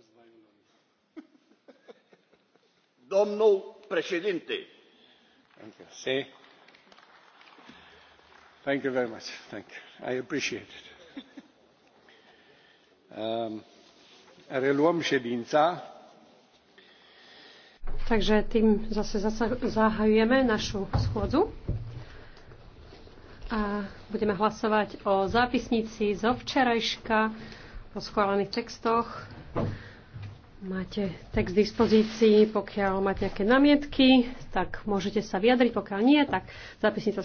Domnul președinte. Thank you. See? Thank you very much. Thank you. I appreciate it. Um, reluăm ședința. Takže tým zase zahajujeme našu schôdzu. A budeme hlasovať o zápisnici zo včerajška, o schválených textoch. Máte text k dispozícii, pokiaľ máte nejaké namietky, tak môžete sa vyjadriť, pokiaľ nie, tak zápisnica